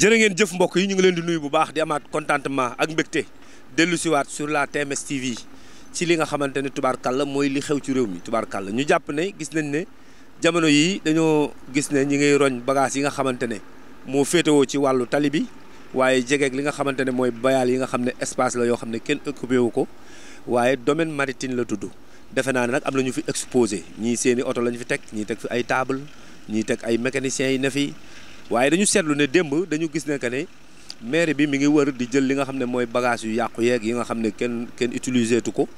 jërë ngeen jëf mbokk yi ñu ngi leen di nuyu bu baax di amaat contentement ak mbégte dellu siwaat sur la TMS TV ci li nga xamante ne tubaarkàlla mooy li xew ci réew mi tubaarkàlla ñu jàpp ne gis nañ ne jamono yi dañoo gis ne ñi ngay roñ bagage yi nga xamante ne moo féetewoo ci wàllu tali bi waaye jegeeg li nga xamante ne mooy bayaal yi nga xam ne espace la yoo xam ne kenn occupé wu ko waaye domaine maritime la tudd defe naa ne nag am na ñu fi exposé ñii seeni oto la ñu fi teg ñii teg fi ay table ñii teg ay mécaniciens yi ne fi waaye dañu seetlu ne démb dañu gis ne que ne maire bi mi ngi wër di jël li nga xam ne mooy bagage yu yàqu yeeg yi nga xam ne kenn kenn utilisé tu ko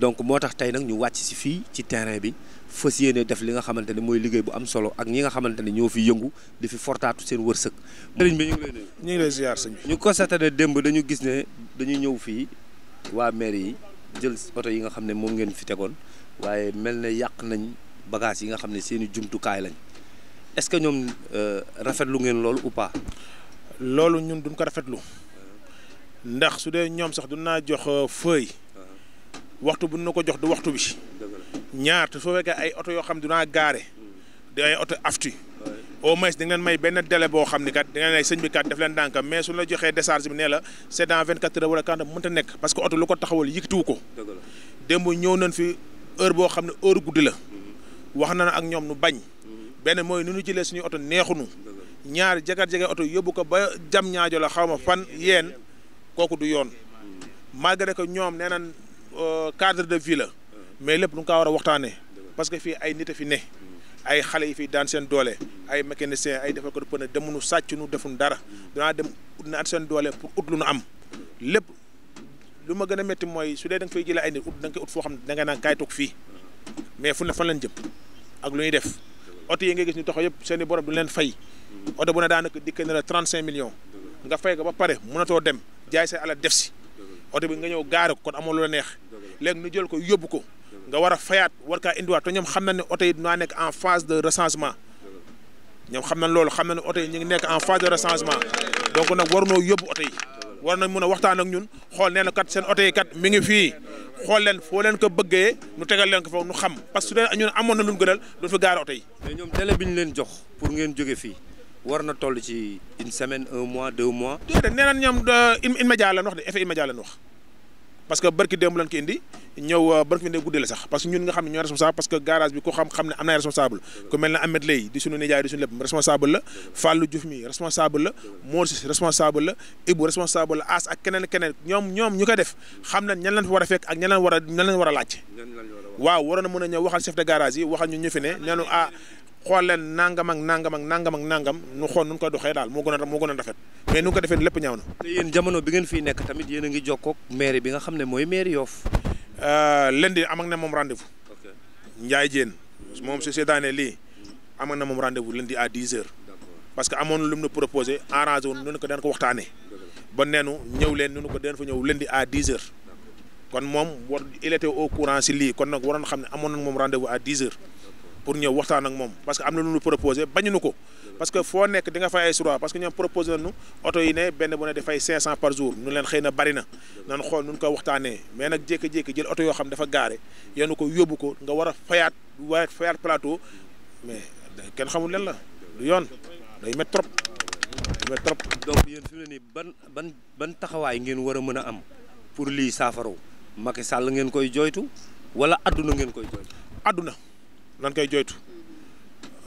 donc moo tax tey nag ñu wàcc si fii ci terrain bi fas yéene def li nga xamante ne mooy liggéey bu am solo ak ñi nga xamante ne ñoo fi yëngu di fi fortaatu seen wërsëg. sëriñ bi ñu ngi lay nuyu. ñu ngi lay ne démb dañu gis ne dañu ñëw fii waa maire yi jël oto yi nga xam ne moom ngeen fi tegoon waaye mel ne yàq nañ bagage yi nga xam ne seen i jumtukaay lañ. est-ce que ñoom euh, rafetlu ngeen loolu ou loolu ñun duñ ko rafetlu ndax su dee ñoom sax du naa jox euh, feuille waxtu bu nu ko jox du waxtu bi ñaar te soo fekkee ay oto yoo xam du naa gaare di ay oto aftu au moins da ngeen may benn délai boo xam ni kat da ngeen ay sëñ bi kat daf leen dànk mais su la joxee décharge bi nee la c'est dans vingt quatre heures wala quarante mënta nekk parce que oto lu ko taxawal yëkkatiwu ko démb ñëw nañ fi heure boo xam ne heure guddi la mm-hmm. wax na ak ñoom nu bañ benn mooy nu ñu jëlee suñu oto neexunu ñaar jagar jege oto yóbbu ko ba jam ñaajo la xaw ma fan yéen kooku du yoon malgré que ñoom nee nañ euh, cadre de villa mais lépp lu nga kaa war a waxtaanee parce que fii ay nit a fi ne ay xale yi fi daan seen doole ay mécanicien ay defal ko du pëne demuñu sàcc nu defuñ dara danaa dem ut na at seen doole pour ut lu nu am lépp lu ma gën a mooy su dee da fay jëlee ay nit ut da nga foo xam ne da nga naan toog fii mais fu ne fan lañ jëm ak lu ñuy def oto yi nga gis ñu taxaw yëpp seeni i borom du leen fay oto bu ne daanaka dikk na la trente cinq millions nga fay ko ba pare mënatoo dem jaay sa alal def si oto bi nga ñëw gaare ko kon amul lu la neex léegi ñu jël ko yóbbu ko nga war a fayaat war kaa indiwaat te ñoom xam na ne oto yi dinaa nekk en phase de recensement ñoom xam nañ loolu xam na ne oto yi ñu ngi nekk en phase de recensement donc nag waruñoo yóbbu oto yi war nañ mun a waxtaan ak ñun xool nee na kat seen oto yi kat mi ngi fii xool leen foo leen ko bëggee nu tegal leen ko foofu nu xam parce que su ñun amoon na lu ñu gënal du fa gaare oto yi. ñoom délai bi ñu leen jox pour ngeen jóge fii war na toll ci une semaine un mois deux mois. déedéet nee na ñoom euh, immédiat lañ wax de effet immédiat lañ wax. parce que barki démb lañ ko indi ñëw euh, barki fi guddee la sax parce que ñun nga xam ne ñoo responsable parce que garage bi ku xam xam ne am na ay responsable ku mel ne Ahmed Lay di suñu nijaay di suñu lépp responsable la Fallou Diouf mi responsable la Moses responsable la responsable As ak keneen keneen ñoom ñoom ñu koy def xam nañ ñan lañ fa war a fekk ak ñan lañ war a ñan waaw waroon mën a ñëw waxal chef de garage yi waxal ñu ñu fi ne ah xool leen nangam ak nangam ak nangam ak nangam nu xool nu ko doxee daal moo gën a moo gën a rafet mais nu ko defee lépp ñaaw na. te yéen jamono bi ngeen fiy nekk tamit yéen ne mooy maire Yoff. Euh, lundi am ak na moom rendez-vous. ok Ndiaye Diène moom su seetaanee lii am na moom rendez-vous lundi à 10h. parce que amoon lu mu proposé arrangé ko daan waxtaanee. ba neenu ñëw leen nu ko daan fa ñëw lundi à 10h. kon moom war il était au si lii kon nag waroon xam ne amoon na moom rendez-vous à 10h. pour ñëw waxtaan ak moom parce que am na lu ñu proposé bañuñu ko parce que foo nekk di nga fay ay droit parce que ñoom proposé nañu oto yi ne benn bu ne dafay 500 par jour ñu leen xëy na bari na nan xool nu ñu ko waxtaanee mais nag jékki-jékki jël oto yoo xam dafa gaare yenu ko yóbbu ko nga war a fayaat war fayaat plateau mais kenn xamul leen la du yoon day met trop day met trop. donc yéen su mu ne nii ban ban ban taxawaay ngeen war a mën a am pour lii saafaraw Macky Sall ngeen koy jooytu wala adduna ngeen koy jooytu adduna. lan koy joytu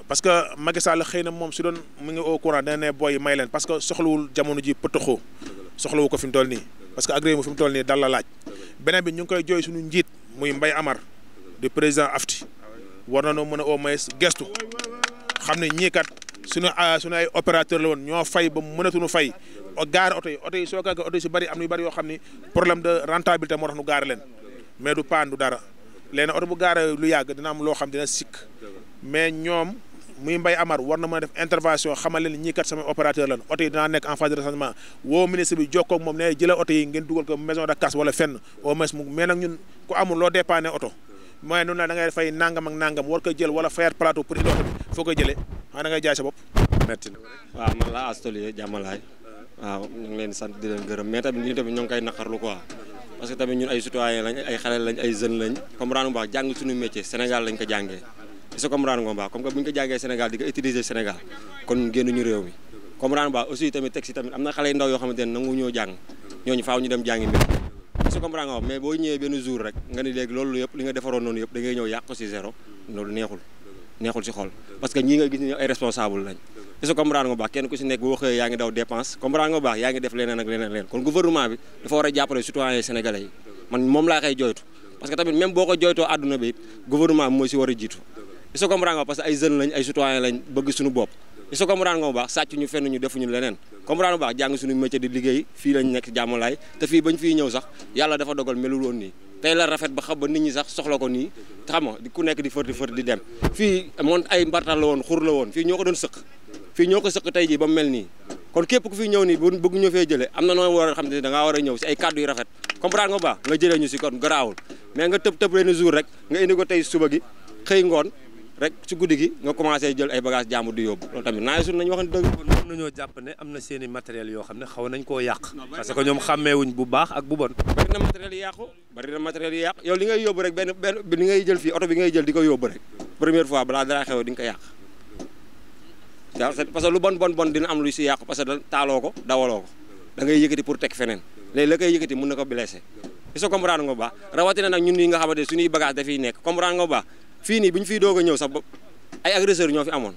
parce que Macky Sall xëy na moom si doon mu ngi au courant dana ne booy may leen parce que soxlawul jamono ji pëtëxoo soxlawu ko fi mu toll nii parce que agréé mu fi mu toll nii dal la laaj beneen bi ñu ngi koy jooy suñu njiit muy mbay Amar di président AFTI war na noo mën a au moins gestu xam ne ñii kat suñu ah, suñu ay opérateur la woon ñoo fay ba mu mënatuñu fay gaare oto yi oto yi soo gaaree oto yi si bëri am na yu bëri yoo xam ni problème de rentabilité moo nu gaare leen mais du paan dara léegi oto bu gaaree lu yàgg dina am loo xam dina sikk mais ñoom muy Mbaye Amar war na mën a def intervention xamal leen ñii kat sama opérateur lan oto yi dinaa nekk en phase de recensement woo oto yi ngeen dugal ko maison de casse wala fenn au moins mu mais nag ñun ku amul loo dépanner oto mooy noonu la da fay nangam ak nangam war ko jël wala fayat plateau pour indi oto foo ko jëlee xanaa da ngay jaay sa bopp metti na waaw man la astoli jàmmalaay sant di leen gërëm mais tamit ñi tamit ñoo ngi koy naqarlu quoi parce que tamit ñun ay citoyen lañ ay xale lañ ay jeunes lañ comprendre nga baax jàng suñu métier Sénégal lañ ko jàngee est-ce que comprendre nga baax ñu ko jàngee Sénégal di ko utiliser tamit teg si tamit am na xale yu ndaw yoo xamante ne nangu ñoo jàng ñooñu faaw ñu dem jàngi mbir est boo ñëwee benn jour rek nga ni léegi loolu yëpp li nga defaroon noonu yëpp da ngay ñëw yàq ko si zéro loolu neexul neexul parce que ñii nga gis ni lañ est-ce que comprendre nga baax kenn ku si nekk boo xëyee yaa ngi daw dépense comprendre nga baax yaa ngi def leneen ak leneen leneen kon gouvernement bi dafa war a jàppale citoyen sénégalais yi man moom laa koy joytu parce que tamit même boo ko joytoo àdduna bi it bi moo si war a jiitu est-ce que comprendre nga parce que ay jeunes lañ ay ñu fenn ñu defuñu leneen comprendre bu baax jàng suñu métier di liggéey fii lañ nekk jàmmalaay te fii bañ fii ñëw sax yàlla dafa dogal melul woon nii rafet ba xam ba nit ñi sax soxla ko nii xam nga ku nekk di fër di fër di dem fii ay mbartal la woon xur la woon fii ñoo ko doon sëq fii ñoo ko sëq tey ji ba mu mel nii kon képp ku fi ñëw nii bu bëgg ñu fee jëlee am na noo war a xam ne da ngaa war a ñëw si ay kàddu yu rafet comprendre nga ba ñu si kon garaawul mais nga tëb tëb leen jour rek nga indi ko tey suba gi ngoon rek si guddi gi jël ay bagage jàmbur di yóbbu loolu tamit naa sun nañu waxante dëgg kon mën nañoo jàpp ne am na seen matériel yoo xam ne xaw nañ koo yàq parce que ñoom xàmmeewuñ bu baax ak bu bon bari na matériel yi yàqu bari na matériel yi yow li ngay yóbbu benn benn li ngay oto bi ngay jël di ko yóbbu rek première fois balaa dara xew di yàq parce que lu bon bon bon dina am lu si yàqu parce que taaloo ko dawaloo ko pour teg feneen léegi la koy yëkkati mun na ko blessé est-ce que comprendre nga bu baax rawatina nag ñun ñi nga xamante suñuy bagage dafiy nekk comprendre nga bu baax fii nii bi ñu fiy a ñëw sax ay agresseurs ñoo fi amoon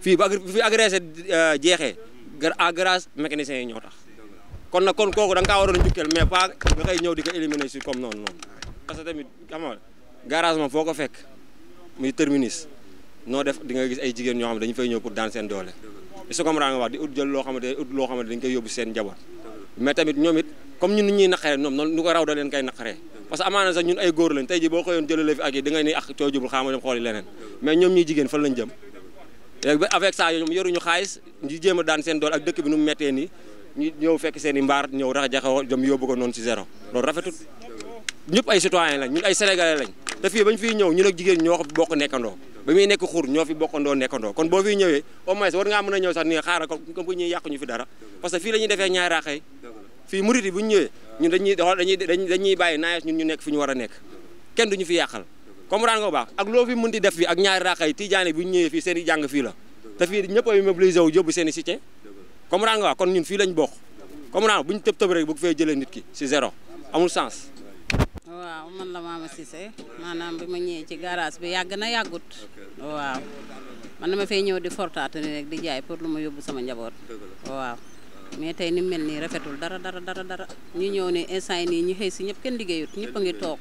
fii bu fi agressé euh, jeexee à grâce mécaniciens yi ñoo tax kon na kon kooku da nga kaa waroon njukkeel mais pas nga koy ñëw di ko éliminer comme noonu noonu parce que tamit xam nga garage moom foo ko fekk muy terminus noo def di nga gis ay jigéen ñoo xam ne dañu fay ñëw pour daan seen doole su comprendre nga di ut jël loo xamante ut loo xamante dañu koy yóbbu seen njaboot mais tamit ñoom it comme ñun ni ñuy naqaree ñoom noonu nu ko raw da leen koy naqaree parce que tey ji boo xëyoon jëlale fi ak yi da ngay ni ak ah, coo jubul xaama dem xool yi leneen ñoom ñuy jigéen fan lañ jëm jéem a daan seen ak dëkk bi nu mu mettee nii ñu ñëw fekk seen i mbaar ñëw rax jaxewoo jëm yóbbu ko noonu ci zéro loolu rafetut ñëpp ay citoyen lañ ñun ay sénégalais lañ te fii bañ fiy ñëw ñun ak jigéen ñoo bokk nekkandoo ba muy nekk xur ñoo fi bokkandoo nekkandoo kon boo fi ñëwee au moins war ngaa mën a ñëw sax ni xaaral ko comme ñuy yàqu ñu fi dara parce que fii la ñuy defee ñaari raaxay fii murit yi bu ñu ñëwee ñun dañuy dañuy dañuy bàyyi naes ñun ñu nekk fi ñu war a nekk kenn duñu fi yàqal comprendre nga bu baax ak fi mën di def fii ak ñaari raaxay tijaane bu ñu ñëwee fii seen i jàng fii la te fii ñëpp ay mobilisé wu yóbbu seen i soutien comprendre nga bu baax kon ñun bokk comprendre bu ñu tëb tëb rek bëgg fay jëlee nit ki si zéro amul sens waaw man la Mama Cissé maanaam bi ma ñëwee ci garage bi yàgg na yàggut waaw man na ma fay ñëw di fortaatu ni rek di jaay pour lu ma yóbbu sama njaboot waaw mais tey ni mel nii rafetul dara dara dara dara ñu ñëw ne instant yi nii ñu xëy si ñëpp kenn liggéeyut ñëpp a ngi toog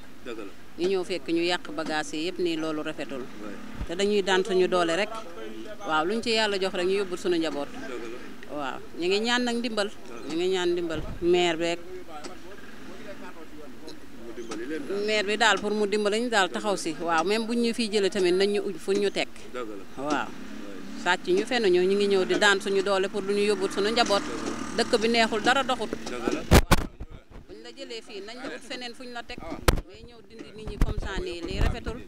ñu ñëw fekk ñu yàq bagaas yi yëpp nii loolu rafetul te dañuy daan suñu doole rek waaw luñ ci yàlla jox rek ñu yóbbul suñu njaboot waaw ñu ngi ñaan nag ndimbal ñu ngi ñaan ndimbal maire beeg maire bi daal pour mu dimbali ñu daal taxaw si waaw même buñ ñu fiy jëlee tamit nañ ñu uj fu ñu teg waaw sàcc ñu fenn ñu ñu ngi ñëw di daan suñu doole pour lu ñu yóbbul suñu njaboot dëkk bi neexul dara doxut buñ la jëlee fii nañ la fuñ la teg mais ah. ñëw dindi nit ñi comme ça nii lii rafetul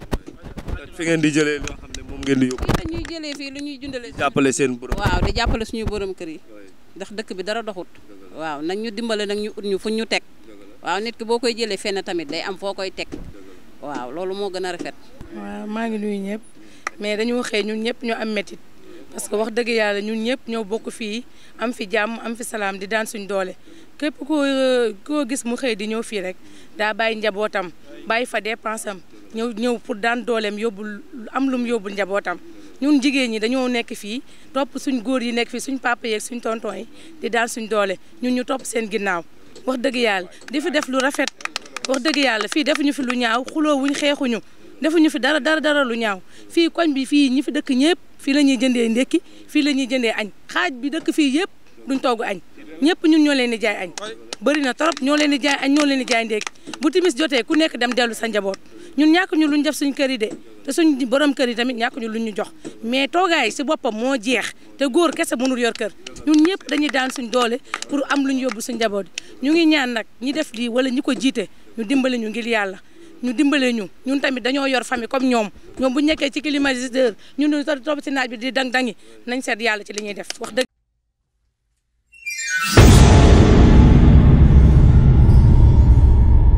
fi di jëlee loo xam ne moom ngeen di yóbbu fii ñuy lu ñuy jundale jàppale seen borom waaw di jàppale suñu borom kër yi ndax dëkk bi dara doxut waaw nañ ñu dimbale nag ñu ut ñu fuñ ñu teg waaw nit ki boo koy jëlee fenn tamit day am foo koy teg waaw loolu moo gën a rafet. waaw maa ngi nuyu ñëpp mais dañoo xëy ñun ñëpp ñu am metit parce que wax dëgg yàlla ñun ñëpp ñoo bokk fii am fi jàmm am fi salaam di daan suñ doole képp koo koo gis mu xëy di ñëw fii rek daa bàyyi njabootam bàyyi fa dépense am ñëw ñëw pour daan dooleem yóbbul am lum yóbbul njabootam ñun jigéen ñi dañoo nekk fii topp suñ góor yi nekk fii suñ papa suñ tonton yi di daan suñ doole ñun ñu topp seen ginnaaw wax dëgg yàlla di def lu rafet wax dëgg yàlla fii defuñu fi lu ñaaw xuloo xuloowuñ xeexuñu defuñu fi dara dara dara lu ñaaw fii koñ bi fii ñi fi dëkk ñëpp fii la ñuy jëndee ndékki fii la ñuy jëndee añ xaaj bi dëkk fii yëpp duñ togg añ ñëpp ñun ñoo leen di jaay añ bëri na trop ñoo leen di jaay añ ñoo leen di jaay ndékki bu timis jotee ku nekk dem dellu sa njaboot ñun ñàkk ñu luñ def suñ kër yi de te suñ borom kër yi tamit ñàkk ñu ñu jox mais toogaay si boppam moo jeex te góor kese mënul yor kër ñun ñëpp dañuy daan suñ doole pour am lu ñu yóbbu suñ njaboot ñu ngi ñaan nag ñi def lii wala ñi ko jiite ñu dimbali ñu ngir yàlla ñu dimbalee ñu ñun tamit dañoo yor famille kom ñoom ñoom bu ñu nekkee ci climatiseur ñun ñu topp ci naaj bi di dan dangi nañ seet yàlla ci li ñuy def